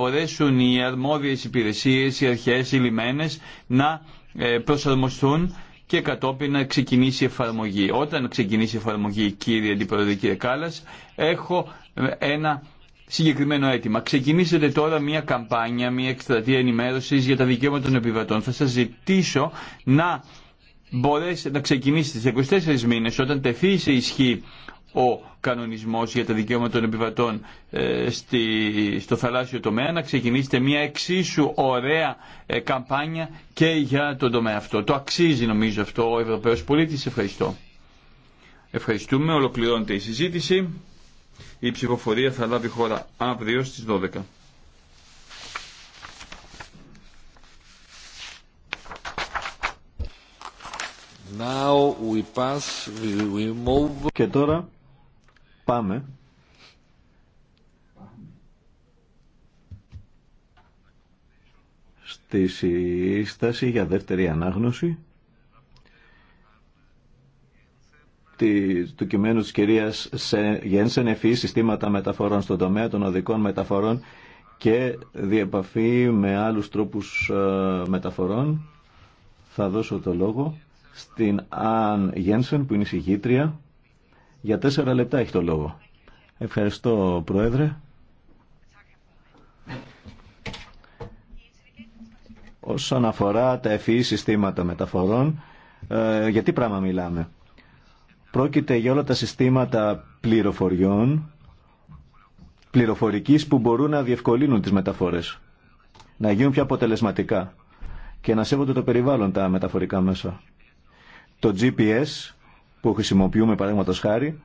μπορέσουν οι αρμόδιες υπηρεσίες, οι αρχές, οι λιμένες να ε, προσαρμοστούν και κατόπιν να ξεκινήσει η εφαρμογή. Όταν ξεκινήσει η εφαρμογή, κύριε Αντιπρόεδρε, κύριε Κάλλας, έχω ε, ένα συγκεκριμένο αίτημα. Ξεκινήσετε τώρα μια καμπάνια, μια εκστρατεία ενημέρωσης για τα δικαιώματα των επιβατών. Θα σας ζητήσω να να ξεκινήσετε σε 24 μήνες όταν τεθεί σε ισχύ ο κανονισμός για τα δικαιώματα των επιβατών ε, στη, στο θαλάσσιο τομέα να ξεκινήσετε μια εξίσου ωραία ε, καμπάνια και για τον τομέα αυτό. Το αξίζει νομίζω αυτό ο Ευρωπαίος πολίτης. Ευχαριστώ. Ευχαριστούμε. Ολοκληρώνεται η συζήτηση. Η ψηφοφορία θα λάβει χώρα αύριο στις 12. Now we pass, we move. Και τώρα Πάμε. Στη σύσταση για δεύτερη ανάγνωση του κειμένου της κυρίας Γένσεν εφή συστήματα μεταφορών στον τομέα των οδικών μεταφορών και διεπαφή με άλλους τρόπους ε, μεταφορών. Θα δώσω το λόγο στην Αν Γένσεν που είναι η συγγήτρια για τέσσερα λεπτά έχει το λόγο. Ευχαριστώ, Πρόεδρε. Όσον αφορά τα ευφυή e e συστήματα μεταφορών, ε, για τι πράγμα μιλάμε. Πρόκειται για όλα τα συστήματα πληροφοριών, πληροφορικής που μπορούν να διευκολύνουν τις μεταφορές, να γίνουν πιο αποτελεσματικά και να σέβονται το περιβάλλον τα μεταφορικά μέσα. Το GPS που χρησιμοποιούμε παραδείγματο χάρη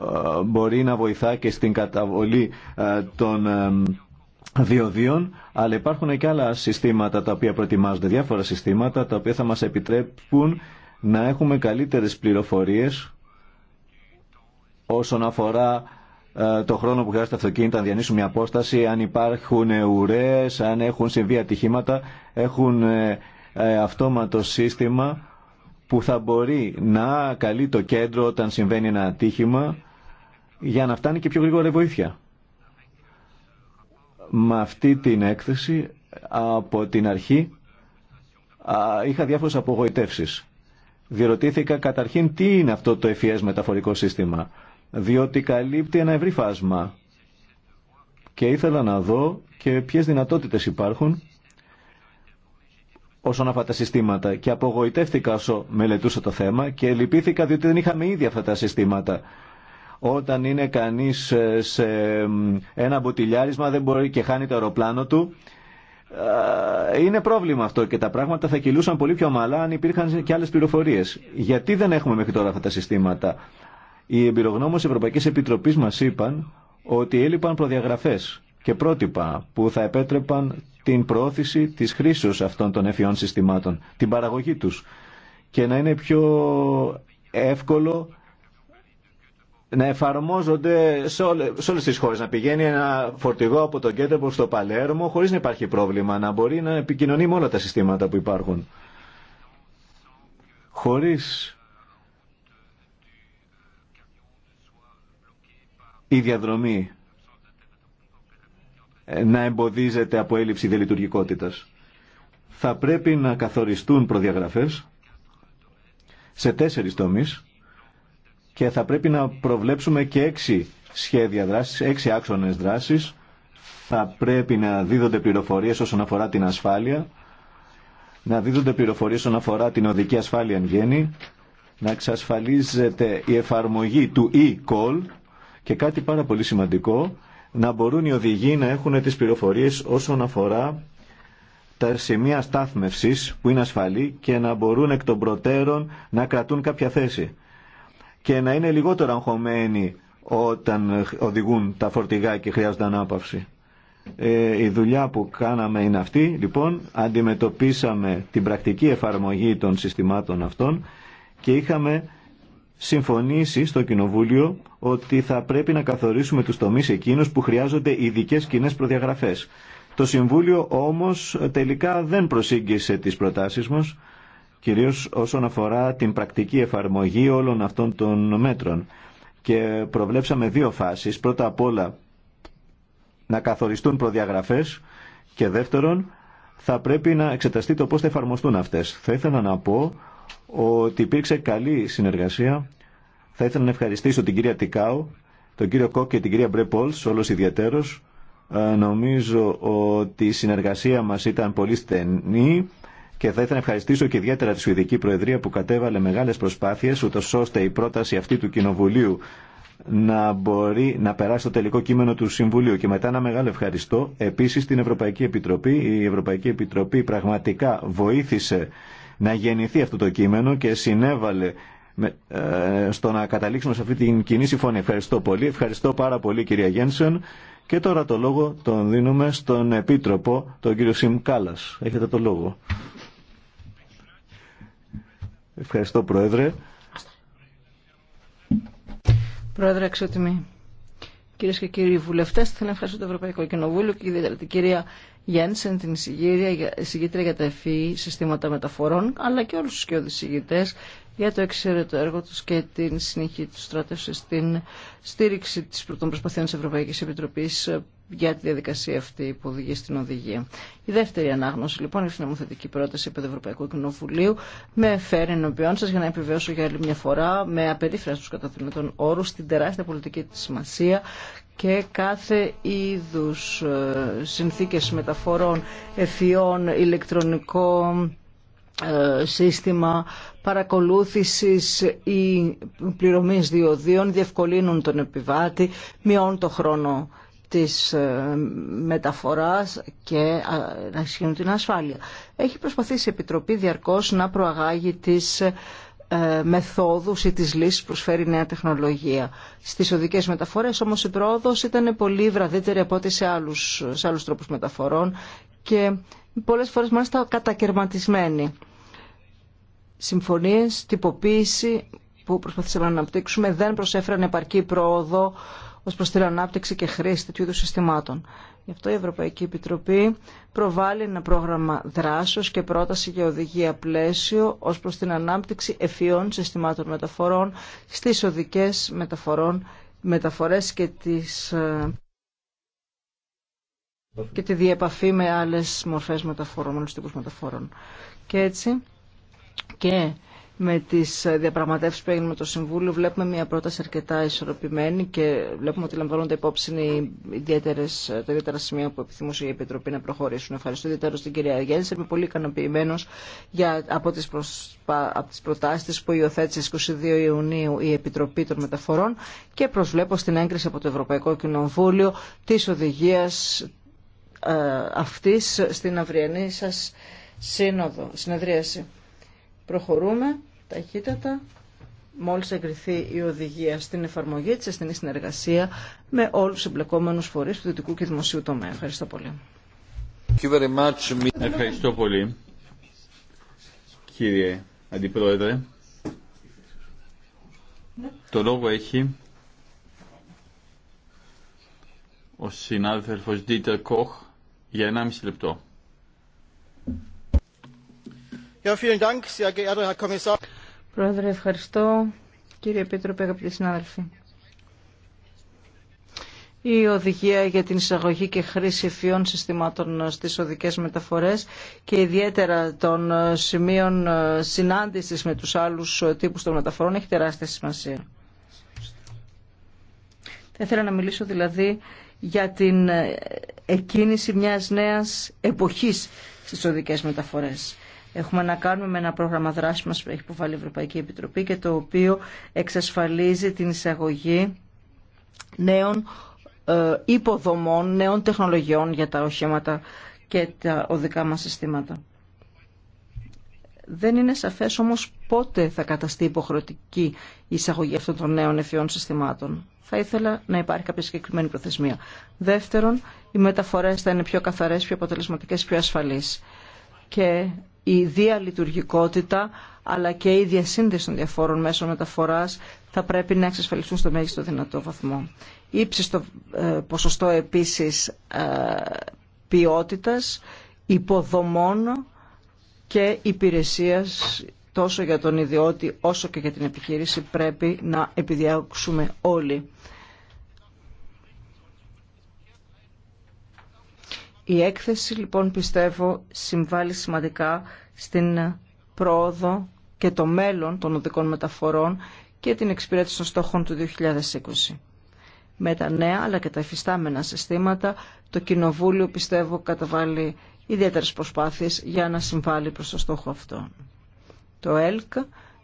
ε, μπορεί να βοηθά και στην καταβολή ε, των ε, διοδίων, αλλά υπάρχουν και άλλα συστήματα τα οποία προετοιμάζονται, διάφορα συστήματα τα οποία θα μας επιτρέπουν να έχουμε καλύτερες πληροφορίες όσον αφορά το χρόνο που χρειάζεται αυτοκίνητα να διανύσουν μια απόσταση, αν υπάρχουν ουρές, αν έχουν συμβεί ατυχήματα, έχουν αυτόματο σύστημα που θα μπορεί να καλεί το κέντρο όταν συμβαίνει ένα ατύχημα για να φτάνει και πιο γρήγορα η βοήθεια. Με αυτή την έκθεση από την αρχή είχα διάφορες απογοητεύσεις. Διερωτήθηκα καταρχήν τι είναι αυτό το FES μεταφορικό σύστημα, διότι καλύπτει ένα ευρύ φάσμα και ήθελα να δω και ποιες δυνατότητες υπάρχουν όσον αφορά τα συστήματα και απογοητεύτηκα όσο μελετούσα το θέμα και λυπήθηκα διότι δεν είχαμε ήδη αυτά τα συστήματα. Όταν είναι κανείς ε, σε ένα μποτιλιάρισμα δεν μπορεί και χάνει το αεροπλάνο του ε, είναι πρόβλημα αυτό και τα πράγματα θα κυλούσαν πολύ πιο ομαλά αν υπήρχαν και άλλες πληροφορίες. Γιατί δεν έχουμε μέχρι τώρα αυτά τα συστήματα. Οι εμπειρογνώμονες Ευρωπαϊκής Επιτροπής μας είπαν ότι έλειπαν προδιαγραφές και πρότυπα που θα επέτρεπαν την προώθηση της χρήσης αυτών των εφιών συστημάτων, την παραγωγή τους και να είναι πιο εύκολο να εφαρμόζονται σε όλες τις χώρες. Να πηγαίνει ένα φορτηγό από τον Κέντρο στο Παλέρμο χωρίς να υπάρχει πρόβλημα, να μπορεί να επικοινωνεί με όλα τα συστήματα που υπάρχουν. Χωρίς η διαδρομή να εμποδίζεται από έλλειψη δελειτουργικότητας. Θα πρέπει να καθοριστούν προδιαγραφές σε τέσσερις τομείς και θα πρέπει να προβλέψουμε και έξι σχέδια δράσης, έξι άξονες δράσης. Θα πρέπει να δίδονται πληροφορίες όσον αφορά την ασφάλεια, να δίδονται πληροφορίες όσον αφορά την οδική ασφάλεια εν γέννη, να εξασφαλίζεται η εφαρμογή του e-call και κάτι πάρα πολύ σημαντικό, να μπορούν οι οδηγοί να έχουν τις πληροφορίες όσον αφορά τα σημεία στάθμευσης που είναι ασφαλή και να μπορούν εκ των προτέρων να κρατούν κάποια θέση και να είναι λιγότερο αγχωμένοι όταν οδηγούν τα φορτηγά και χρειάζονται ανάπαυση. Ε, η δουλειά που κάναμε είναι αυτή. Λοιπόν, αντιμετωπίσαμε την πρακτική εφαρμογή των συστημάτων αυτών και είχαμε συμφωνήσει στο Κοινοβούλιο ότι θα πρέπει να καθορίσουμε τους τομείς εκείνους που χρειάζονται ειδικέ κοινέ προδιαγραφές. Το Συμβούλιο όμως τελικά δεν προσήγγισε τις προτάσεις μας, κυρίως όσον αφορά την πρακτική εφαρμογή όλων αυτών των μέτρων. Και προβλέψαμε δύο φάσεις. Πρώτα απ' όλα να καθοριστούν προδιαγραφές και δεύτερον θα πρέπει να εξεταστεί το πώς θα εφαρμοστούν αυτές. Θα ήθελα να πω ότι υπήρξε καλή συνεργασία θα ήθελα να ευχαριστήσω την κυρία Τικάου, τον κύριο Κόκ και την κυρία Πόλς, όλος ιδιαίτερος. Ε, νομίζω ότι η συνεργασία μας ήταν πολύ στενή και θα ήθελα να ευχαριστήσω και ιδιαίτερα τη Σουηδική Προεδρία που κατέβαλε μεγάλες προσπάθειες ούτως ώστε η πρόταση αυτή του Κοινοβουλίου να μπορεί να περάσει το τελικό κείμενο του Συμβουλίου. Και μετά ένα μεγάλο ευχαριστώ επίσης την Ευρωπαϊκή Επιτροπή. Η Ευρωπαϊκή Επιτροπή πραγματικά βοήθησε να γεννηθεί αυτό το κείμενο και συνέβαλε ε, στο να καταλήξουμε σε αυτή την κοινή συμφωνία. Ευχαριστώ πολύ. Ευχαριστώ πάρα πολύ κυρία Γένσεν. Και τώρα το λόγο τον δίνουμε στον Επίτροπο, τον κύριο Σιμ Κάλλας. Έχετε το λόγο. Ευχαριστώ Πρόεδρε. Πρόεδρε Αξιότιμη Κυρίε και κύριοι βουλευτέ, θέλω να ευχαριστώ το Ευρωπαϊκό Κοινοβούλιο και ιδιαίτερα την κυρία Γένσεν, την εισηγήτρια για τα εφή συστήματα μεταφορών, αλλά και όλου του για το εξαίρετο έργο του και την συνεχή του στράτευση στην στήριξη των προσπαθειών της Ευρωπαϊκής Επιτροπής ε, για τη διαδικασία αυτή που οδηγεί στην οδηγία. Η δεύτερη ανάγνωση λοιπόν η φινομοθετική πρόταση επί του Ευρωπαϊκού Κοινοβουλίου με φέρει ενωπιόν σα για να επιβεβαιώσω για άλλη μια φορά με απερίφραστου κατά των όρου την τεράστια πολιτική τη σημασία και κάθε είδου ε, συνθήκε μεταφορών εφιών, ηλεκτρονικών ε, σύστημα παρακολούθησης ή πληρωμής διοδίων διευκολύνουν τον επιβάτη, μειώνουν το χρόνο της ε, μεταφοράς και να ισχύουν την ασφάλεια. Έχει προσπαθήσει η Επιτροπή διαρκώς να προαγάγει τις ε, μεθόδους ή τις λύσεις που προσφέρει η νέα τεχνολογία. Στις οδικές μεταφορές όμως πρόοδος ήταν πολύ βραδύτερη από ό,τι σε άλλους, τρόπους μεταφορών και πολλές φορές μάλιστα κατακαιρματισμένη συμφωνίες, τυποποίηση που προσπαθήσαμε να αναπτύξουμε δεν προσέφεραν επαρκή πρόοδο ως προς την ανάπτυξη και χρήση τέτοιου είδους συστημάτων. Γι' αυτό η Ευρωπαϊκή Επιτροπή προβάλλει ένα πρόγραμμα δράσεως και πρόταση για οδηγία πλαίσιο ως προς την ανάπτυξη εφιών συστημάτων μεταφορών στις οδικές μεταφορών, μεταφορές και, τις, ε, και τη διεπαφή με άλλες μορφές μεταφορών, με τύπους μεταφορών. έτσι και με τις διαπραγματεύσεις που έγινε με το Συμβούλιο βλέπουμε μια πρόταση αρκετά ισορροπημένη και βλέπουμε ότι λαμβάνονται υπόψη οι τα ιδιαίτερα σημεία που επιθυμούσε η Επιτροπή να προχωρήσουν. Ευχαριστώ ιδιαίτερα την κυρία Γέννης. Είμαι πολύ ικανοποιημένο από τις, προσπα... από τις προτάσεις που υιοθέτησε στις 22 Ιουνίου η Επιτροπή των Μεταφορών και προσβλέπω στην έγκριση από το Ευρωπαϊκό Κοινοβούλιο της οδηγίας ε, αυτή στην αυριανή σα συνεδρίαση προχωρούμε ταχύτατα μόλις εγκριθεί η οδηγία στην εφαρμογή της, στην συνεργασία με όλους τους εμπλεκόμενους φορείς του δυτικού και δημοσίου τομέα. Ευχαριστώ πολύ. Ευχαριστώ πολύ, κύριε Αντιπρόεδρε. Το λόγο έχει ο συνάδελφος Δίτερ Κοχ για 1,5 λεπτό. Πρόεδρε, ευχαριστώ. Κύριε Επίτροπε, αγαπητοί συνάδελφοι. Η οδηγία για την εισαγωγή και χρήση ευφυών συστημάτων στις οδικές μεταφορές και ιδιαίτερα των σημείων συνάντησης με τους άλλους τύπους των μεταφορών έχει τεράστια σημασία. Θα ήθελα να μιλήσω δηλαδή για την εκκίνηση μιας νέας εποχής στις οδικές μεταφορές. Έχουμε να κάνουμε με ένα πρόγραμμα δράσης μας που έχει υποβάλει η Ευρωπαϊκή Επιτροπή και το οποίο εξασφαλίζει την εισαγωγή νέων ε, υποδομών, νέων τεχνολογιών για τα οχήματα και τα οδικά μας συστήματα. Δεν είναι σαφές όμως πότε θα καταστεί υποχρεωτική η εισαγωγή αυτών των νέων ευφυών συστημάτων. Θα ήθελα να υπάρχει κάποια συγκεκριμένη προθεσμία. Δεύτερον, οι μεταφορές θα είναι πιο καθαρές, πιο αποτελεσματικές, πιο ασφαλείς. Και η διαλειτουργικότητα αλλά και η διασύνδεση των διαφόρων μέσων μεταφοράς θα πρέπει να εξασφαλιστούν στο μέγιστο δυνατό βαθμό. Ήψιστο ε, ποσοστό επίσης ε, ποιότητας, υποδομών και υπηρεσίας τόσο για τον ιδιώτη όσο και για την επιχείρηση πρέπει να επιδιώξουμε όλοι. Η έκθεση λοιπόν πιστεύω συμβάλλει σημαντικά στην πρόοδο και το μέλλον των οδικών μεταφορών και την εξυπηρέτηση των στόχων του 2020. Με τα νέα αλλά και τα εφιστάμενα συστήματα το Κοινοβούλιο πιστεύω καταβάλει ιδιαίτερες προσπάθειες για να συμβάλλει προς το στόχο αυτό. Το ΕΛΚ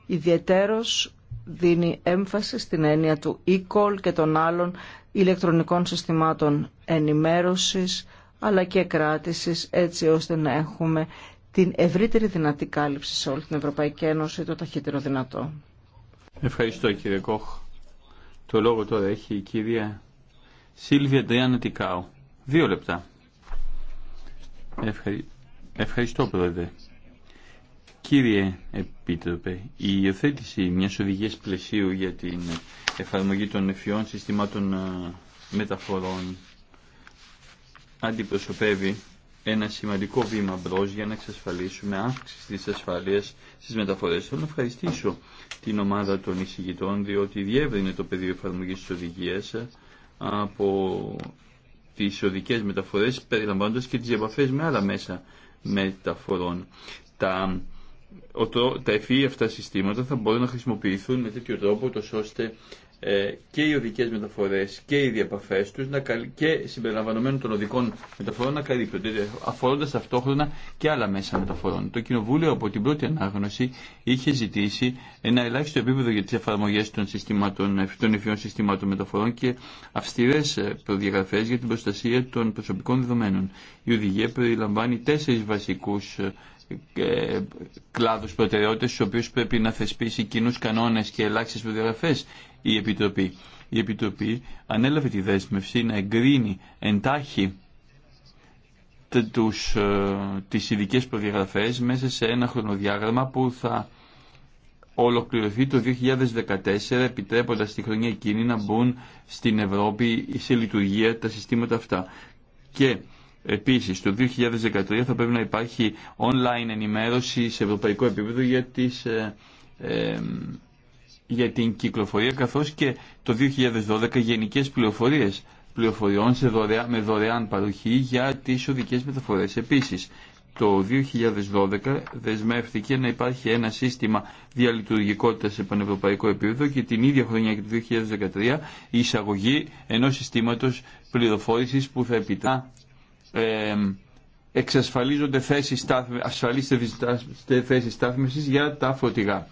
ιδιαίτερος δίνει έμφαση στην έννοια του e-call και των άλλων ηλεκτρονικών συστημάτων ενημέρωσης αλλά και κράτησης έτσι ώστε να έχουμε την ευρύτερη δυνατή κάλυψη σε όλη την Ευρωπαϊκή Ένωση το ταχύτερο δυνατό. Ευχαριστώ κύριε Κόχ. Το λόγο τώρα έχει η κυρία Σίλβια Ντριάννα Τικάου. Δύο λεπτά. Ευχαριστώ πρόεδρε. Κύριε Επίτροπε, η υιοθέτηση μιας οδηγίας πλαισίου για την εφαρμογή των ευφυών συστημάτων ε, μεταφορών αντιπροσωπεύει ένα σημαντικό βήμα μπρο για να εξασφαλίσουμε αύξηση της ασφάλειας στις μεταφορές. Θέλω να ευχαριστήσω την ομάδα των εισηγητών διότι διεύρυνε το πεδίο εφαρμογή τη οδηγία ε, από τις οδικέ μεταφορές περιλαμβάνοντας και τις επαφές με άλλα μέσα μεταφορών. Τα, τα ευφύ αυτά συστήματα θα μπορούν να χρησιμοποιηθούν με τέτοιο τρόπο ώστε ε, και οι οδικέ μεταφορέ και οι διαπαφέ του, και συμπεριλαμβανομένων των οδικών μεταφορών να καλύπτονται αφορώντα ταυτόχρονα και άλλα μέσα μεταφορών. Το Κοινοβούλιο από την πρώτη ανάγνωση είχε ζητήσει ένα ελάχιστο επίπεδο για τι εφαρμογέ των, των συστημάτων μεταφορών και αυστηρέ ε, προδιαγραφέ για την προστασία των προσωπικών δεδομένων. Η οδηγία περιλαμβάνει τέσσερι βασικού ε, κλάδους προτεραιότητες στους οποίους πρέπει να θεσπίσει κοινού κανόνες και ελάχιστες προδιαγραφές η Επιτροπή. Η Επιτροπή ανέλαβε τη δέσμευση να εγκρίνει εντάχει τους, ε, τις ειδικές προδιαγραφές μέσα σε ένα χρονοδιάγραμμα που θα ολοκληρωθεί το 2014 επιτρέποντας τη χρονιά εκείνη να μπουν στην Ευρώπη σε λειτουργία τα συστήματα αυτά. Και Επίσης, το 2013 θα πρέπει να υπάρχει online ενημέρωση σε ευρωπαϊκό επίπεδο για τις ε, ε, για την κυκλοφορία καθώς και το 2012 γενικές πληροφορίες πληροφοριών σε δωρεά, με δωρεάν παροχή για τις οδικές μεταφορές. Επίσης, το 2012 δεσμεύτηκε να υπάρχει ένα σύστημα διαλειτουργικότητας σε πανευρωπαϊκό επίπεδο και την ίδια χρονιά και το 2013 η εισαγωγή ενός συστήματος πληροφόρησης που θα επιτά ε, εξασφαλίζονται θέσεις, θέσεις για τα φωτιγά.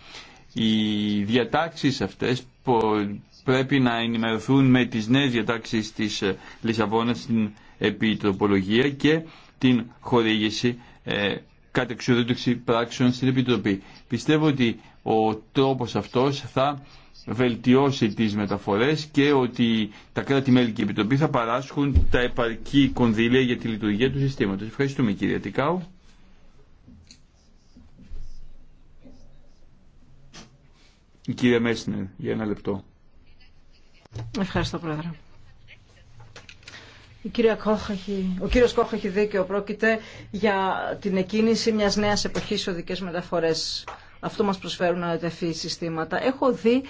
Οι διατάξεις αυτές πρέπει να ενημερωθούν με τις νέες διατάξεις της ε, Λισαβόνας στην επιτροπολογία και την χορήγηση ε, πράξεων στην Επιτροπή. Πιστεύω ότι ο τρόπος αυτός θα βελτιώσει τις μεταφορές και ότι τα κράτη-μέλη και η Επιτροπή θα παράσχουν τα επαρκή κονδύλια για τη λειτουργία του συστήματος. Ευχαριστούμε κύριε Τικάου. Η κυρία Μέσνερ, για ένα λεπτό. Ευχαριστώ, Πρόεδρε. Κόχ ο κύριος Κόχ έχει δίκαιο. Πρόκειται για την εκκίνηση μιας νέας εποχής οδικές μεταφορές. Αυτό μας προσφέρουν οι συστήματα. Έχω δει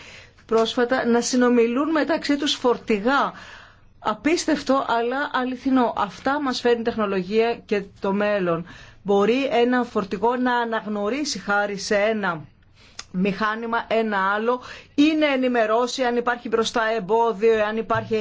πρόσφατα να συνομιλούν μεταξύ τους φορτηγά. Απίστευτο, αλλά αληθινό. Αυτά μας φέρνει τεχνολογία και το μέλλον. Μπορεί ένα φορτηγό να αναγνωρίσει χάρη σε ένα μηχάνημα, ένα άλλο, είναι ενημερώσει αν υπάρχει μπροστά εμπόδιο, αν υπάρχει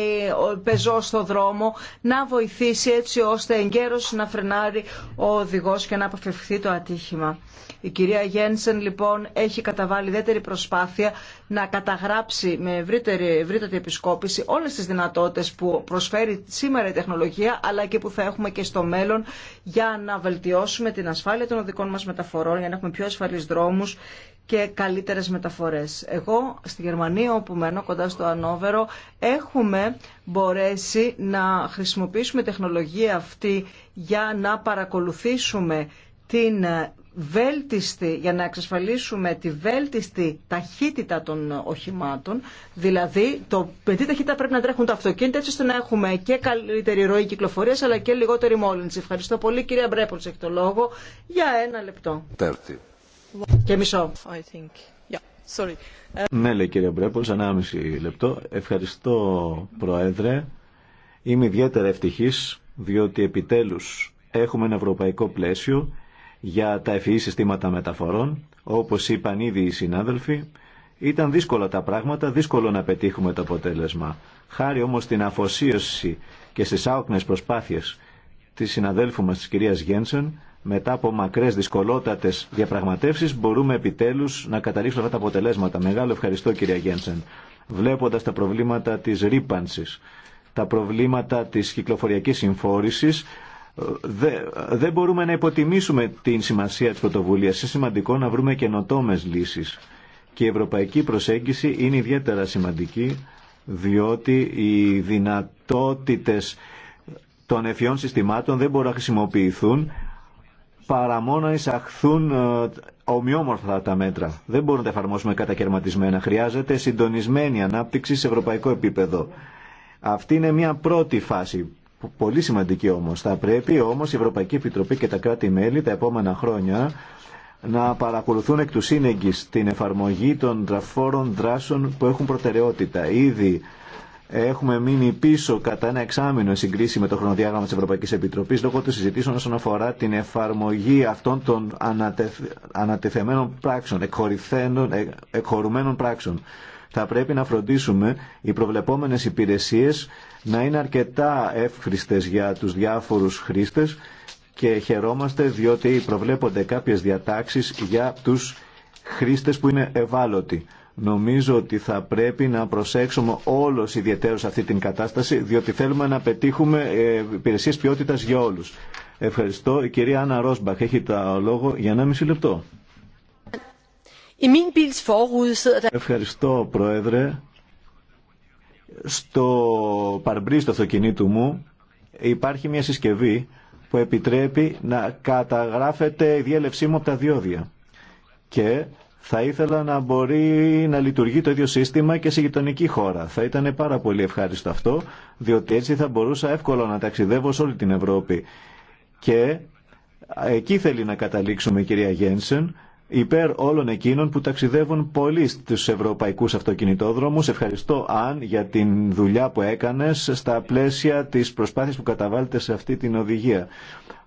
πεζό στο δρόμο, να βοηθήσει έτσι ώστε εγκαίρως να φρενάρει ο οδηγός και να αποφευχθεί το ατύχημα. Η κυρία Γένσεν λοιπόν έχει καταβάλει ιδιαίτερη προσπάθεια να καταγράψει με ευρύτερη, ευρύτερη επισκόπηση όλες τις δυνατότητες που προσφέρει σήμερα η τεχνολογία αλλά και που θα έχουμε και στο μέλλον για να βελτιώσουμε την ασφάλεια των οδικών μας μεταφορών, για να έχουμε πιο ασφαλείς δρόμους και καλύτερες μεταφορές. Εγώ στη Γερμανία όπου μένω κοντά στο Ανόβερο έχουμε μπορέσει να χρησιμοποιήσουμε τεχνολογία αυτή για να παρακολουθήσουμε την βέλτιστη, για να εξασφαλίσουμε τη βέλτιστη ταχύτητα των οχημάτων, δηλαδή το, με τι ταχύτητα πρέπει να τρέχουν τα αυτοκίνητα έτσι ώστε να έχουμε και καλύτερη ροή κυκλοφορία, αλλά και λιγότερη μόλυνση. Ευχαριστώ πολύ κυρία Μπρέπολ, έχει το λόγο για ένα λεπτό. Και μισό. Ε, ναι, λέει κυρία Μπρέπολς, ανάμιση λεπτό. Ευχαριστώ Προέδρε. Είμαι ιδιαίτερα ευτυχής διότι επιτέλους έχουμε ένα ευρωπαϊκό πλαίσιο για τα ευφυή e συστήματα μεταφορών, όπως είπαν ήδη οι συνάδελφοι, ήταν δύσκολα τα πράγματα, δύσκολο να πετύχουμε το αποτέλεσμα. Χάρη όμως στην αφοσίωση και στις άοκνες προσπάθειες της συναδέλφου μας της κυρίας Γένσεν, μετά από μακρές δυσκολότατες διαπραγματεύσεις μπορούμε επιτέλους να καταλήξουμε αυτά τα αποτελέσματα. Μεγάλο ευχαριστώ κυρία Γένσεν. Βλέποντας τα προβλήματα της ρήπανση, τα προβλήματα της κυκλοφοριακής συμφόρηση δεν μπορούμε να υποτιμήσουμε την σημασία της πρωτοβουλίας. Είναι σημαντικό να βρούμε καινοτόμε λύσεις. Και η ευρωπαϊκή προσέγγιση είναι ιδιαίτερα σημαντική, διότι οι δυνατότητες των εφιών συστημάτων δεν μπορούν να χρησιμοποιηθούν παρά μόνο να εισαχθούν ε, ομοιόμορφα τα μέτρα. Δεν μπορούμε να τα εφαρμόσουμε κατακαιρματισμένα. Χρειάζεται συντονισμένη ανάπτυξη σε ευρωπαϊκό επίπεδο. Αυτή είναι μια πρώτη φάση πολύ σημαντική όμως. Θα πρέπει όμως η Ευρωπαϊκή Επιτροπή και τα κράτη-μέλη τα επόμενα χρόνια να παρακολουθούν εκ του σύνεγγυς την εφαρμογή των τραφόρων δράσεων που έχουν προτεραιότητα. Ήδη έχουμε μείνει πίσω κατά ένα εξάμεινο συγκρίση με το χρονοδιάγραμμα της Ευρωπαϊκής Επιτροπής λόγω των συζητήσεων όσον αφορά την εφαρμογή αυτών των ανατεθ... ανατεθεμένων πράξεων, εκχωρουμένων πράξεων θα πρέπει να φροντίσουμε οι προβλεπόμενες υπηρεσίες να είναι αρκετά εύχριστες για τους διάφορους χρήστες και χαιρόμαστε διότι προβλέπονται κάποιες διατάξεις για τους χρήστες που είναι ευάλωτοι. Νομίζω ότι θα πρέπει να προσέξουμε όλος ιδιαίτερως αυτή την κατάσταση διότι θέλουμε να πετύχουμε ε, υπηρεσίες ποιότητας για όλους. Ευχαριστώ. Η κυρία Άννα Ρόσμπαχ έχει το λόγο για μισή λεπτό. Ευχαριστώ, Πρόεδρε. Στο παρμπρί αυτοκινήτου μου υπάρχει μια συσκευή που επιτρέπει να καταγράφεται η διέλευσή μου από τα διόδια. Και θα ήθελα να μπορεί να λειτουργεί το ίδιο σύστημα και σε γειτονική χώρα. Θα ήταν πάρα πολύ ευχάριστο αυτό, διότι έτσι θα μπορούσα εύκολα να ταξιδεύω σε όλη την Ευρώπη. Και εκεί θέλει να καταλήξουμε κυρία Γένσεν υπέρ όλων εκείνων που ταξιδεύουν πολύ στους ευρωπαϊκούς αυτοκινητόδρομους. Ευχαριστώ, Αν, για την δουλειά που έκανες στα πλαίσια της προσπάθειας που καταβάλλεται σε αυτή την οδηγία.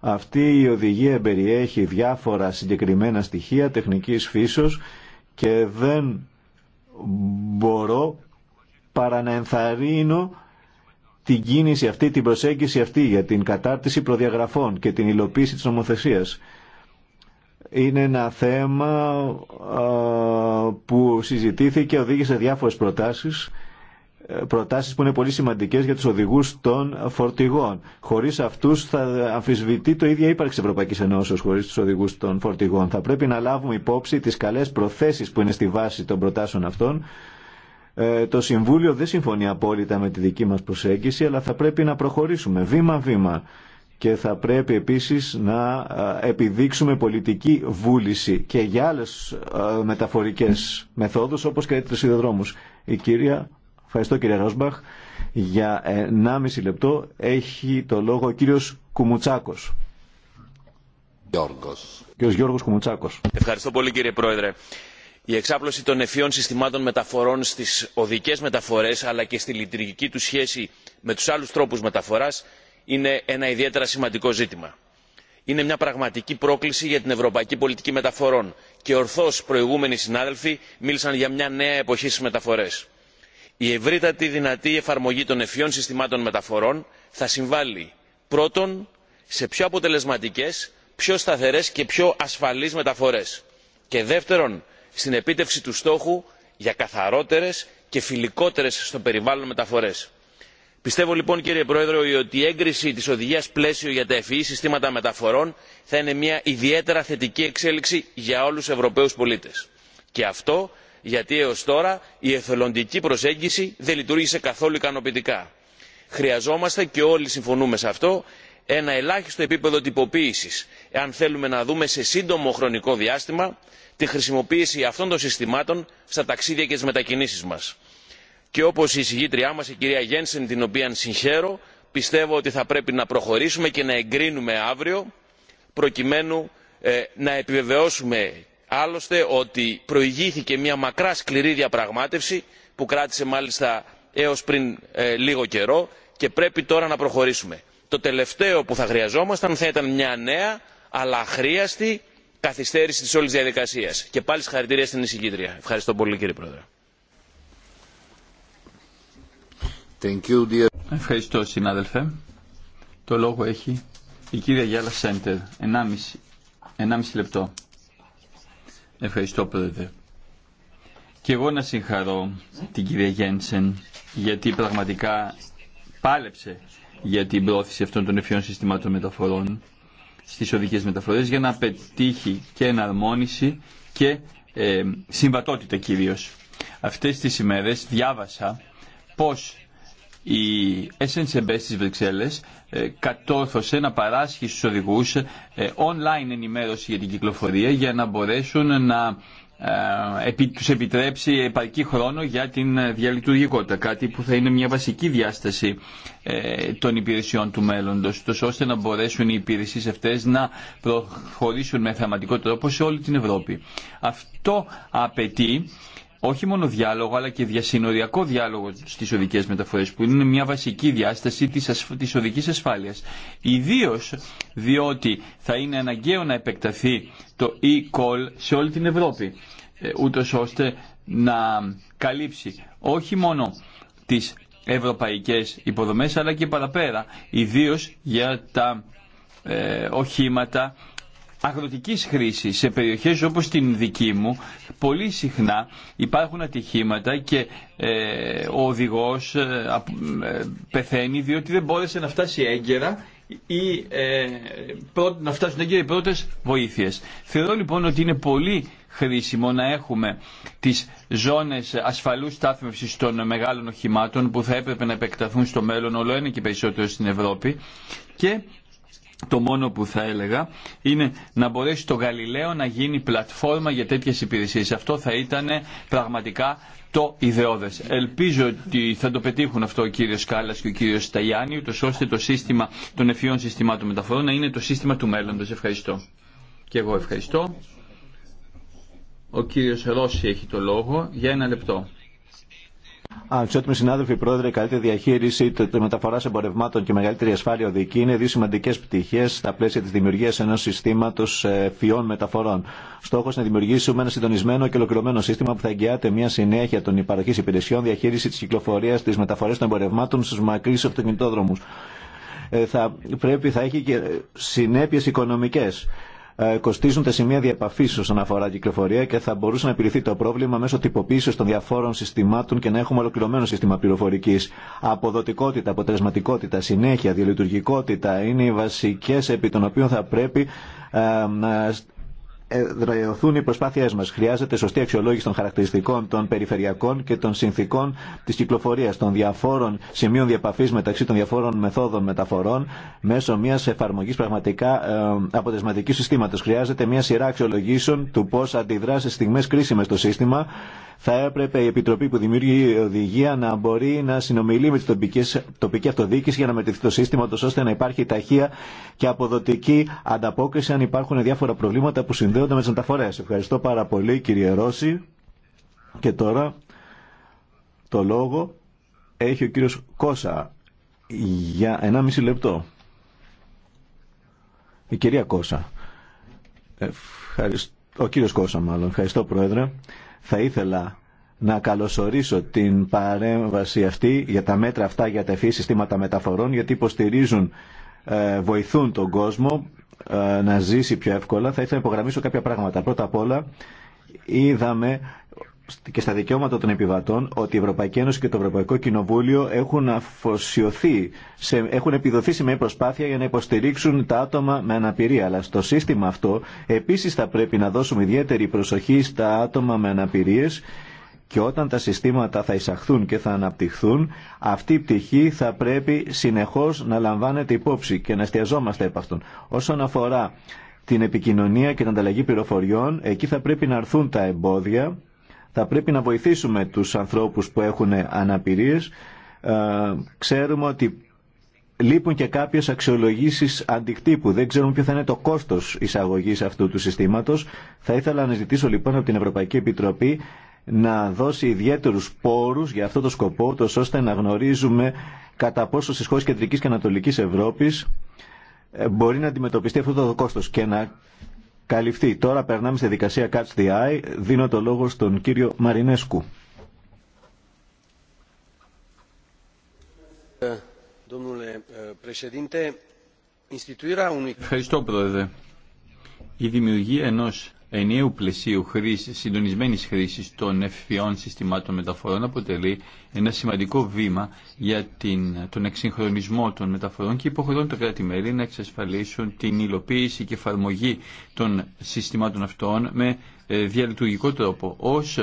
Αυτή η οδηγία περιέχει διάφορα συγκεκριμένα στοιχεία τεχνικής φύσεως και δεν μπορώ παρά να ενθαρρύνω την κίνηση αυτή, την προσέγγιση αυτή για την κατάρτιση προδιαγραφών και την υλοποίηση της νομοθεσίας είναι ένα θέμα που συζητήθηκε, οδήγησε διάφορες προτάσεις ε, προτάσεις που είναι πολύ σημαντικές για τους οδηγούς των φορτηγών. Χωρίς αυτούς θα αμφισβητεί το ίδιο ύπαρξη Ευρωπαϊκής Ενώσεως χωρίς τους οδηγούς των φορτηγών. Θα πρέπει να λάβουμε υπόψη τις καλές προθέσεις που είναι στη βάση των προτάσεων αυτών. Ε, το Συμβούλιο δεν συμφωνεί απόλυτα με τη δική μας προσέγγιση, αλλά θα πρέπει να προχωρήσουμε βήμα-βήμα και θα πρέπει επίσης να επιδείξουμε πολιτική βούληση και για άλλες μεταφορικές μεθόδους όπως και τους σιδεδρόμους. Η κυρία, ευχαριστώ κύριε Ρόσμπαχ, για 1,5 λεπτό έχει το λόγο ο κύριος Κουμουτσάκος. Γιώργος. Κύριος Γιώργος Κουμουτσάκος. Ευχαριστώ πολύ κύριε Πρόεδρε. Η εξάπλωση των ευφυών συστημάτων μεταφορών στις οδικές μεταφορές αλλά και στη λειτουργική του σχέση με τους άλλους τρόπους μεταφοράς είναι ένα ιδιαίτερα σημαντικό ζήτημα. είναι μια πραγματική πρόκληση για την ευρωπαϊκή πολιτική μεταφορών και ορθώ προηγούμενοι συνάδελφοι μίλησαν για μια νέα εποχή στι μεταφορέ. η ευρύτατη δυνατή εφαρμογή των ευφυών συστημάτων μεταφορών θα συμβάλλει πρώτον σε πιο αποτελεσματικέ πιο σταθερέ και πιο ασφαλεί μεταφορέ και δεύτερον στην επίτευξη του στόχου για καθαρότερε και φιλικότερε στο περιβάλλον μεταφορέ πιστεύω λοιπόν κύριε πρόεδρε ότι η έγκριση της οδηγίας πλαίσιο για τα ευφυή e e συστήματα μεταφορών θα είναι μια ιδιαίτερα θετική εξέλιξη για όλους τους ευρωπαίους πολίτες και αυτό γιατί έως τώρα η εθελοντική προσέγγιση δεν λειτουργήσε καθόλου ικανοποιητικά. χρειαζόμαστε και όλοι συμφωνούμε σε αυτό ένα ελάχιστο επίπεδο τυποποίησης εάν θέλουμε να δούμε σε σύντομο χρονικό διάστημα τη χρησιμοποίηση αυτών των συστημάτων στα ταξίδια και τις μετακινήσεις μας και όπως η εισηγήτριά μα, η κυρία Γένσεν την οποία συγχαίρω πιστεύω ότι θα πρέπει να προχωρήσουμε και να εγκρίνουμε αύριο προκειμένου ε, να επιβεβαιώσουμε άλλωστε ότι προηγήθηκε μια μακρά σκληρή διαπραγμάτευση που κράτησε μάλιστα έω πριν ε, λίγο καιρό και πρέπει τώρα να προχωρήσουμε. το τελευταίο που θα χρειαζόμασταν θα ήταν μια νέα αλλά αχρίαστη καθυστέρηση τη όλη διαδικασία και πάλι συγχαρητήρια στην εισηγήτρια. ευχαριστώ πολύ κύριε πρόεδρε. Ευχαριστώ συνάδελφε. Το λόγο έχει η κυρία Γιάλα Σέντερ. 1,5 λεπτό. Ευχαριστώ πρόεδρε. Και εγώ να συγχαρώ την κυρία Γένσεν γιατί πραγματικά πάλεψε για την πρόθεση αυτών των ευφυών συστημάτων μεταφορών στις οδικές μεταφορές για να πετύχει και εναρμόνιση και ε, συμβατότητα κυρίως. Αυτές τις ημέρες διάβασα πώς η SNCB στις Βρυξέλλες ε, κατόρθωσε να παράσχει στους οδηγούς ε, online ενημέρωση για την κυκλοφορία για να μπορέσουν να ε, τους επιτρέψει επαρκή χρόνο για την διαλειτουργικότητα κάτι που θα είναι μια βασική διάσταση των υπηρεσιών του μέλλοντος τόσο ώστε να μπορέσουν οι υπηρεσίες αυτές να προχωρήσουν με θεματικό τρόπο σε όλη την Ευρώπη. Αυτό απαιτεί όχι μόνο διάλογο αλλά και διασυνοριακό διάλογο στις οδικές μεταφορές που είναι μια βασική διάσταση της, της οδικής ασφάλειας. Ιδίως διότι θα είναι αναγκαίο να επεκταθεί το e-call σε όλη την Ευρώπη ε, ούτω ώστε να καλύψει όχι μόνο τις ευρωπαϊκές υποδομές αλλά και παραπέρα ιδίω για τα ε, οχήματα αγροτικής χρήσης σε περιοχές όπως την δική μου πολύ συχνά υπάρχουν ατυχήματα και ε, ο οδηγός ε, ε, πεθαίνει διότι δεν μπόρεσε να φτάσει έγκαιρα ή να φτάσουν έγκαιρα οι πρώτες βοήθειες. Θεωρώ λοιπόν ότι είναι πολύ χρήσιμο να έχουμε τις ζώνες ασφαλούς στάθμευσης των μεγάλων οχημάτων που θα έπρεπε να επεκταθούν στο μέλλον όλο ένα και περισσότερο στην Ευρώπη και το μόνο που θα έλεγα είναι να μπορέσει το Γαλιλαίο να γίνει πλατφόρμα για τέτοιες υπηρεσίες. Αυτό θα ήταν πραγματικά το ιδεώδες. Ελπίζω ότι θα το πετύχουν αυτό ο κύριος Κάλλας και ο κύριος Σταγιάννη, ούτως ώστε το σύστημα των ευφυών συστημάτων μεταφορών να είναι το σύστημα του μέλλοντος. Ευχαριστώ. Και εγώ ευχαριστώ. Ο κύριος Ρώση έχει το λόγο για ένα λεπτό. Αξιότιμοι συνάδελφοι, πρόεδρε, καλύτερη διαχείριση τη μεταφορά εμπορευμάτων και μεγαλύτερη ασφάλεια οδική είναι δύο σημαντικέ πτυχέ στα πλαίσια τη δημιουργία ενό συστήματο ε, φιών μεταφορών. Στόχο να δημιουργήσουμε ένα συντονισμένο και ολοκληρωμένο σύστημα που θα εγγυάται μια συνέχεια των υπαρχή υπηρεσιών, διαχείριση τη κυκλοφορία, τη μεταφορά των εμπορευμάτων στου μακρύ αυτοκινητόδρομου ε, θα πρέπει θα έχει και συνέπειε οικονομικέ. Ε, κοστίζουν τα σημεία διαπαφή όσον αφορά κυκλοφορία και θα μπορούσε να επιληθεί το πρόβλημα μέσω τυποποίηση των διαφόρων συστημάτων και να έχουμε ολοκληρωμένο σύστημα πληροφορική. Αποδοτικότητα, αποτελεσματικότητα, συνέχεια, διαλειτουργικότητα είναι οι βασικέ επί των οποίων θα πρέπει ε, να εδραιωθούν οι προσπάθειε μα. Χρειάζεται σωστή αξιολόγηση των χαρακτηριστικών των περιφερειακών και των συνθήκων τη κυκλοφορία, των διαφόρων σημείων διαπαφή μεταξύ των διαφόρων μεθόδων μεταφορών μέσω μια εφαρμογή πραγματικά ε, αποτελεσματικού συστήματο. Χρειάζεται μια σειρά αξιολογήσεων του πώ αντιδρά σε στιγμέ κρίσιμες το σύστημα θα έπρεπε η Επιτροπή που δημιουργεί η οδηγία να μπορεί να συνομιλεί με την τοπική αυτοδιοίκηση για να μετρηθεί το σύστημα, ώστε να υπάρχει ταχεία και αποδοτική ανταπόκριση αν υπάρχουν διάφορα προβλήματα που συνδέονται συνδέονται με Ευχαριστώ πάρα πολύ κύριε Ρώση. Και τώρα το λόγο έχει ο κύριος Κώσα για 1,5 λεπτό. Η κυρία Κώσα. Ευχαριστώ. Ο κύριος Κώσα μάλλον. Ευχαριστώ Πρόεδρε. Θα ήθελα να καλωσορίσω την παρέμβαση αυτή για τα μέτρα αυτά για τα εφή συστήματα μεταφορών γιατί υποστηρίζουν, ε, βοηθούν τον κόσμο ε, να ζήσει πιο εύκολα, θα ήθελα να υπογραμμίσω κάποια πράγματα. Πρώτα απ' όλα, είδαμε και στα δικαιώματα των επιβατών ότι η Ευρωπαϊκή Ένωση και το Ευρωπαϊκό Κοινοβούλιο έχουν αφοσιωθεί, σε, έχουν επιδοθεί σε μια προσπάθεια για να υποστηρίξουν τα άτομα με αναπηρία. Αλλά στο σύστημα αυτό επίσης θα πρέπει να δώσουμε ιδιαίτερη προσοχή στα άτομα με αναπηρίες και όταν τα συστήματα θα εισαχθούν και θα αναπτυχθούν, αυτή η πτυχή θα πρέπει συνεχώς να λαμβάνεται υπόψη και να εστιαζόμαστε επ' αυτών. Όσον αφορά την επικοινωνία και την ανταλλαγή πληροφοριών, εκεί θα πρέπει να έρθουν τα εμπόδια, θα πρέπει να βοηθήσουμε τους ανθρώπους που έχουν αναπηρίες. Ε, ξέρουμε ότι λείπουν και κάποιες αξιολογήσεις αντικτύπου. Δεν ξέρουμε ποιο θα είναι το κόστος εισαγωγής αυτού του συστήματος. Θα ήθελα να ζητήσω λοιπόν από την Ευρωπαϊκή Επιτροπή να δώσει ιδιαίτερους πόρους για αυτό το σκοπό, ώστε να γνωρίζουμε κατά πόσο στις χώρες Κεντρικής και Ανατολικής Ευρώπης ε, μπορεί να αντιμετωπιστεί αυτό το κόστος και να καλυφθεί. Τώρα περνάμε στη δικασία Catch the Eye. Δίνω το λόγο στον κύριο Μαρινέσκου. Ε, ε, Ευχαριστώ, Πρόεδρε. Η δημιουργία ενός ενιαίου πλαισίου χρήσης, συντονισμένης χρήσης των ευφυών συστημάτων μεταφορών αποτελεί ένα σημαντικό βήμα για την, τον εξυγχρονισμό των μεταφορών και υποχρεώνει το κράτη-μέλη να εξασφαλίσουν την υλοποίηση και εφαρμογή των συστημάτων αυτών με ε, διαλειτουργικό τρόπο. Ως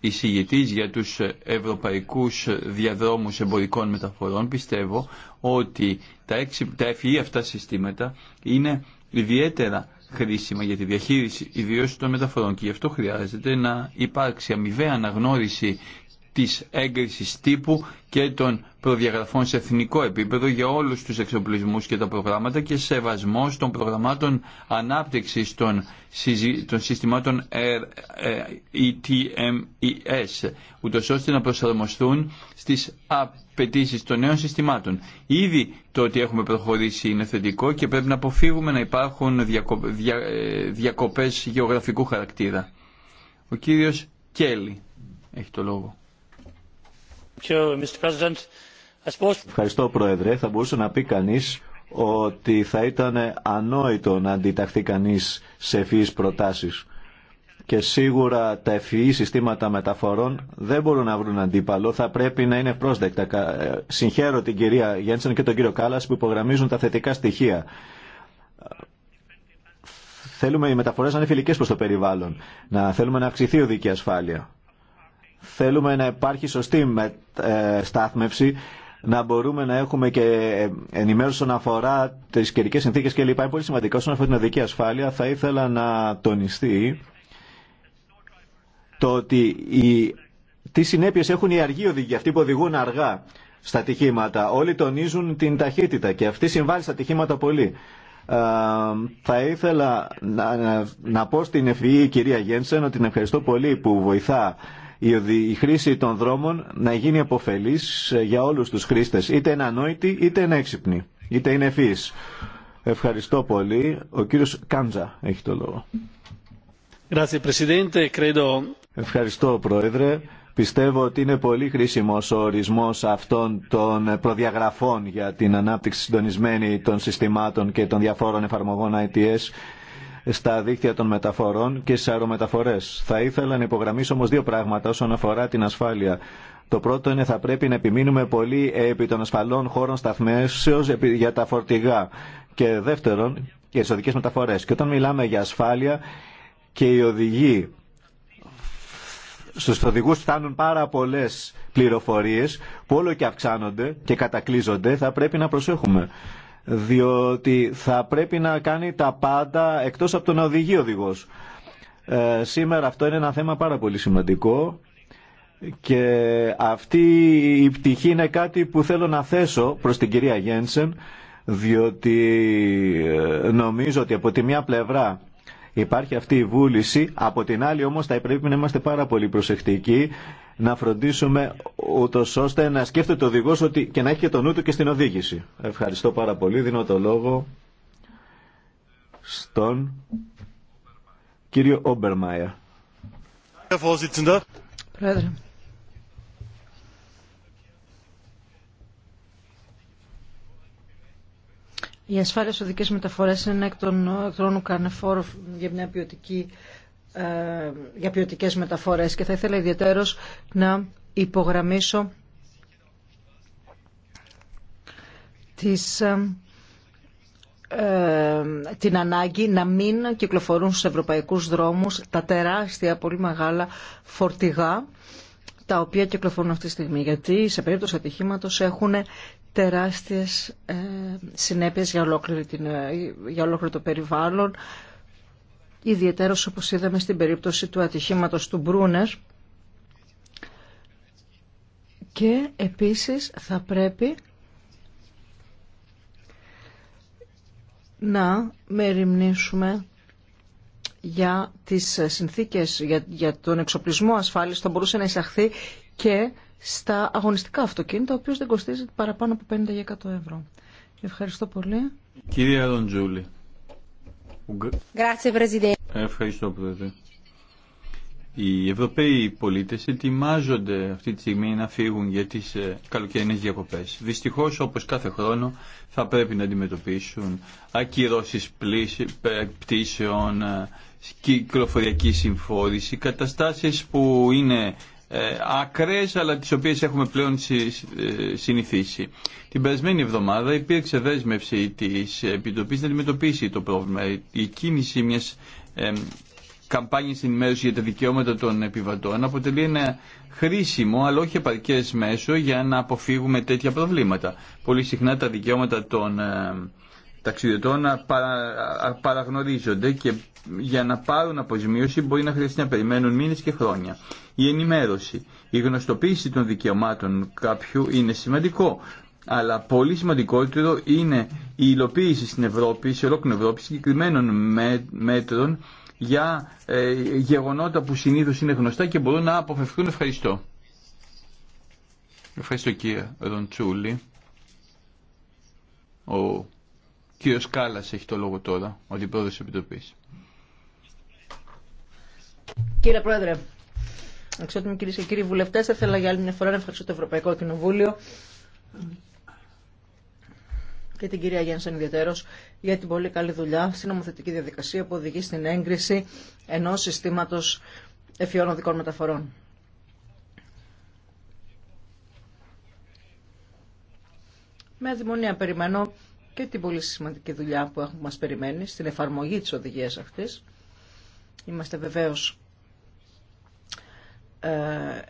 εισηγητής για τους ευρωπαϊκούς διαδρόμους εμπορικών μεταφορών πιστεύω ότι τα, τα αυτά συστήματα είναι ιδιαίτερα χρήσιμα για τη διαχείριση ιδίω των μεταφορών και γι' αυτό χρειάζεται να υπάρξει αμοιβαία αναγνώριση της έγκρισης τύπου και των προδιαγραφών σε εθνικό επίπεδο για όλους τους εξοπλισμούς και τα προγράμματα και σεβασμός των προγραμμάτων ανάπτυξης των, συστημάτων ε, ETMES, ούτως ώστε να προσαρμοστούν στις απαιτήσει των νέων συστημάτων. Ήδη το ότι έχουμε προχωρήσει είναι θετικό και πρέπει να αποφύγουμε να υπάρχουν ε, διακοπές γεωγραφικού χαρακτήρα. Ο κύριος Κέλλη έχει το λόγο. Ευχαριστώ Πρόεδρε. Θα μπορούσε να πει κανείς ότι θα ήταν ανόητο να αντιταχθεί κανείς σε ευφυείς προτάσεις. Και σίγουρα τα ευφυείς συστήματα μεταφορών δεν μπορούν να βρουν αντίπαλο, θα πρέπει να είναι πρόσδεκτα. Ε, συγχαίρω την κυρία Γέντσεν και τον κύριο Κάλλας που υπογραμμίζουν τα θετικά στοιχεία. Θέλουμε οι μεταφορές να είναι φιλικές προς το περιβάλλον, να θέλουμε να αυξηθεί η οδική ασφάλεια. Θέλουμε να υπάρχει σωστή ε, στάθμευση, να μπορούμε να έχουμε και ενημέρωση όσον αφορά τι καιρικέ συνθήκε κλπ. Είναι πολύ σημαντικό. Όσον αφορά την οδική ασφάλεια, θα ήθελα να τονιστεί το ότι οι... τι συνέπειε έχουν οι αργοί οδηγοί, αυτοί που οδηγούν αργά στα ατυχήματα. Όλοι τονίζουν την ταχύτητα και αυτή συμβάλλει στα ατυχήματα πολύ. Ε, θα ήθελα να, πω στην ευφυή κυρία Γένσεν ότι την ευχαριστώ πολύ που βοηθά η χρήση των δρόμων να γίνει αποφελής ε, για όλους τους χρήστες, είτε είναι ανόητοι, είτε είναι έξυπνοι, είτε είναι ευφύης. Ευχαριστώ πολύ. Ο κύριος Κάντζα έχει το λόγο. Ευχαριστώ, Πρόεδρε. Πιστεύω ότι είναι πολύ χρήσιμο ο ορισμό αυτών των προδιαγραφών για την ανάπτυξη συντονισμένη των συστημάτων και των διαφόρων εφαρμογών ITS στα δίκτυα των μεταφορών και στι αερομεταφορέ. Θα ήθελα να υπογραμμίσω όμω δύο πράγματα όσον αφορά την ασφάλεια. Το πρώτο είναι θα πρέπει να επιμείνουμε πολύ επί των ασφαλών χώρων σταθμέσεω για τα φορτηγά. Και δεύτερον, για τι οδικέ μεταφορέ. Και όταν μιλάμε για ασφάλεια και οι οδηγοί στου οδηγού φτάνουν πάρα πολλέ πληροφορίε που όλο και αυξάνονται και κατακλείζονται, θα πρέπει να προσέχουμε διότι θα πρέπει να κάνει τα πάντα εκτός από τον οδηγεί οδηγός. Ε, σήμερα αυτό είναι ένα θέμα πάρα πολύ σημαντικό και αυτή η πτυχή είναι κάτι που θέλω να θέσω προς την κυρία Γένσεν διότι ε, νομίζω ότι από τη μια πλευρά Υπάρχει αυτή η βούληση. Από την άλλη όμως θα πρέπει να είμαστε πάρα πολύ προσεκτικοί να φροντίσουμε ούτω ώστε να σκέφτεται ο οδηγό ότι και να έχει και το νου του και στην οδήγηση. Ευχαριστώ πάρα πολύ. Δίνω το λόγο στον κύριο Όμπερμαϊερ. Πρόεδρε, Η ασφάλεια οδικέ οδικές μεταφορές είναι εκ των χρόνων κανεφόρο για μια ε, για ποιοτικές μεταφορές και θα ήθελα ιδιαίτερος να υπογραμμίσω ε, ε, την ανάγκη να μην κυκλοφορούν στους ευρωπαϊκούς δρόμους τα τεράστια, πολύ μεγάλα φορτηγά τα οποία κυκλοφορούν αυτή τη στιγμή. Γιατί σε περίπτωση ατυχήματος έχουν τεράστιες ε, συνέπειες για, την, ε, για ολόκληρο το περιβάλλον, ιδιαίτερα όπως είδαμε στην περίπτωση του ατυχήματος του Μπρούνερ. Και επίσης θα πρέπει να μεριμνήσουμε για τις συνθήκες, για, τον εξοπλισμό ασφάλειας θα μπορούσε να εισαχθεί και στα αγωνιστικά αυτοκίνητα, ο οποίο δεν κοστίζει παραπάνω από 50 100 ευρώ. Ευχαριστώ πολύ. Κυρία Ροντζούλη. Ευχαριστώ, Πρόεδρε. Οι Ευρωπαίοι πολίτε ετοιμάζονται αυτή τη στιγμή να φύγουν για τι ε, καλοκαιρινές διακοπέ. Δυστυχώ, όπως κάθε χρόνο, θα πρέπει να αντιμετωπίσουν ακυρώσει πτήσεων, ε, κυκλοφοριακή συμφόρηση, Κατάστασει που είναι ε, ακραίες αλλά τις οποίες έχουμε πλέον ε, συνηθίσει. Την περασμένη εβδομάδα υπήρξε δέσμευση της Επιτροπής να αντιμετωπίσει το πρόβλημα. Η κίνηση μιας καμπάνιας ενημέρωση για τα δικαιώματα των επιβατών αποτελεί ένα χρήσιμο αλλά όχι επαρκές μέσο για να αποφύγουμε τέτοια προβλήματα. Πολύ συχνά τα δικαιώματα των ταξιδιωτών παρα, παραγνωρίζονται και για να πάρουν αποζημίωση μπορεί να χρειαστεί να περιμένουν μήνες και χρόνια. Η ενημέρωση, η γνωστοποίηση των δικαιωμάτων κάποιου είναι σημαντικό. Αλλά πολύ σημαντικότερο είναι η υλοποίηση στην Ευρώπη, σε ολόκληρη Ευρώπη, συγκεκριμένων μέτρων για ε, γεγονότα που συνήθως είναι γνωστά και μπορούν να αποφευκούν. Ευχαριστώ. Ευχαριστώ κύριε Ροντσούλη. Κύριος Κάλλας έχει το λόγο τώρα, ο Αντιπρόεδρος της Επιτροπής. Κύριε Πρόεδρε, αξιότιμοι κυρίε και κύριοι βουλευτές, θα ήθελα για άλλη μια φορά να ευχαριστώ το Ευρωπαϊκό Κοινοβούλιο και την κυρία Γιάννησαν ιδιαίτερω για την πολύ καλή δουλειά στην νομοθετική διαδικασία που οδηγεί στην έγκριση ενό συστήματο εφιών οδικών μεταφορών. Με δημονία περιμένω και την πολύ σημαντική δουλειά που έχουμε μας περιμένει στην εφαρμογή της οδηγίας αυτής. Είμαστε βεβαίως ε,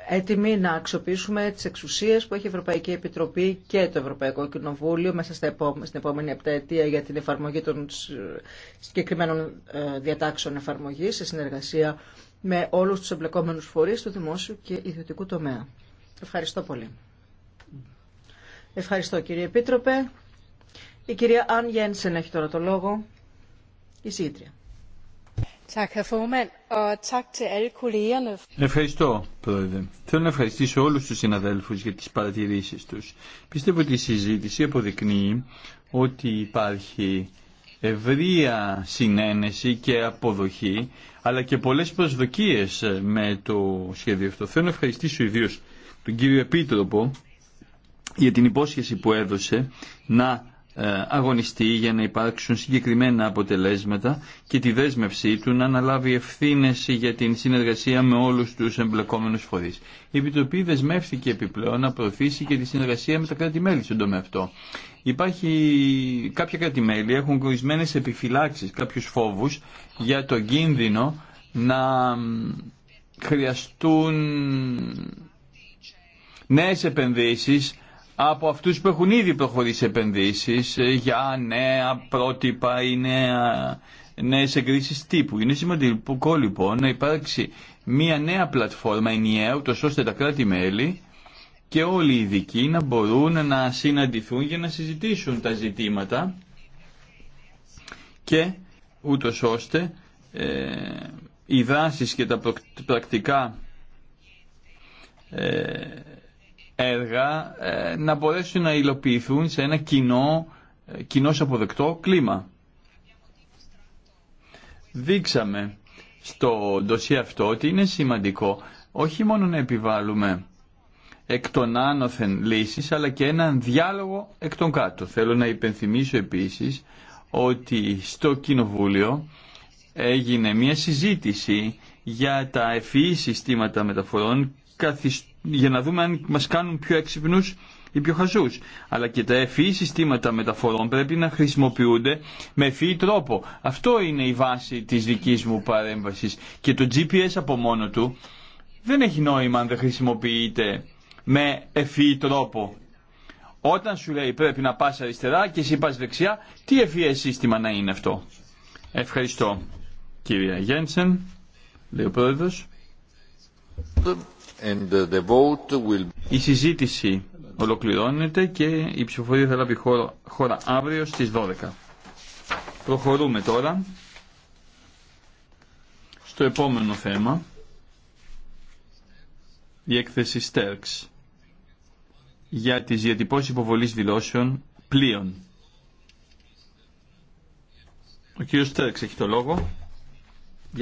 έτοιμοι να αξιοποιήσουμε τις εξουσίες που έχει η Ευρωπαϊκή Επιτροπή και το Ευρωπαϊκό Κοινοβούλιο μέσα στα στην επόμενη επταετία για την εφαρμογή των συγκεκριμένων ε, διατάξεων εφαρμογής σε συνεργασία με όλους τους εμπλεκόμενους φορείς του δημόσιου και ιδιωτικού τομέα. Ευχαριστώ πολύ. Ευχαριστώ κύριε Επίτροπε. Η κυρία Αν Γένσεν έχει τώρα το λόγο, η σύντρια. Ευχαριστώ, Πρόεδρε. Θέλω να ευχαριστήσω όλους τους συναδέλφους για τις παρατηρήσεις τους. Πιστεύω ότι η συζήτηση αποδεικνύει ότι υπάρχει ευρεία συνένεση και αποδοχή, αλλά και πολλές προσδοκίες με το σχέδιο αυτό. Θέλω να ευχαριστήσω ιδίως τον κύριο Επίτροπο για την υπόσχεση που έδωσε να ε, αγωνιστεί για να υπάρξουν συγκεκριμένα αποτελέσματα και τη δέσμευσή του να αναλάβει ευθύνε για την συνεργασία με όλους τους εμπλεκόμενους φορείς. Η Επιτροπή δεσμεύθηκε επιπλέον να προωθήσει και τη συνεργασία με τα κράτη-μέλη στον τομέα αυτό. Υπάρχει κάποια κράτη-μέλη έχουν ορισμένε επιφυλάξεις, κάποιους φόβους για το κίνδυνο να χρειαστούν νέες επενδύσεις από αυτούς που έχουν ήδη προχωρήσει επενδύσεις ε, για νέα πρότυπα ή νέα, νέες εγκρίσεις τύπου. Είναι σημαντικό λοιπόν να υπάρξει μια νέα πλατφόρμα ενιαία ούτως ώστε τα κράτη-μέλη και όλοι οι ειδικοί να μπορούν να συναντηθούν για να συζητήσουν τα ζητήματα και ούτως ώστε ε, οι δράσεις και τα πρακτικά ε, έργα ε, να μπορέσουν να υλοποιηθούν σε ένα κοινό, ε, κοινώς αποδεκτό κλίμα. Δείξαμε στο ντοσί αυτό ότι είναι σημαντικό όχι μόνο να επιβάλλουμε εκ των άνωθεν λύσεις αλλά και έναν διάλογο εκ των κάτω. Θέλω να υπενθυμίσω επίσης ότι στο Κοινοβούλιο έγινε μια συζήτηση για τα ευφυΐ συστήματα μεταφορών καθιστούν για να δούμε αν μας κάνουν πιο έξυπνους ή πιο χαζούς. Αλλά και τα ευφυή συστήματα μεταφορών πρέπει να χρησιμοποιούνται με ευφυή τρόπο. Αυτό είναι η βάση της δικής μου παρέμβασης. Και το GPS από μόνο του δεν έχει νόημα αν δεν χρησιμοποιείται με ευφυή τρόπο. Όταν σου λέει πρέπει να πας αριστερά και εσύ πας δεξιά, τι ευφυές σύστημα να είναι αυτό. Ευχαριστώ. Κυρία Γένσεν, λέει ο ε, Uh, η συζήτηση ολοκληρώνεται και η ψηφοφορία θα λάβει χώρα, χώρα αύριο στις 12. Προχωρούμε τώρα στο επόμενο θέμα, η έκθεση Στέρξ για τις διατυπώσεις υποβολής δηλώσεων πλοίων. Ο κύριος Στέρξ έχει το λόγο.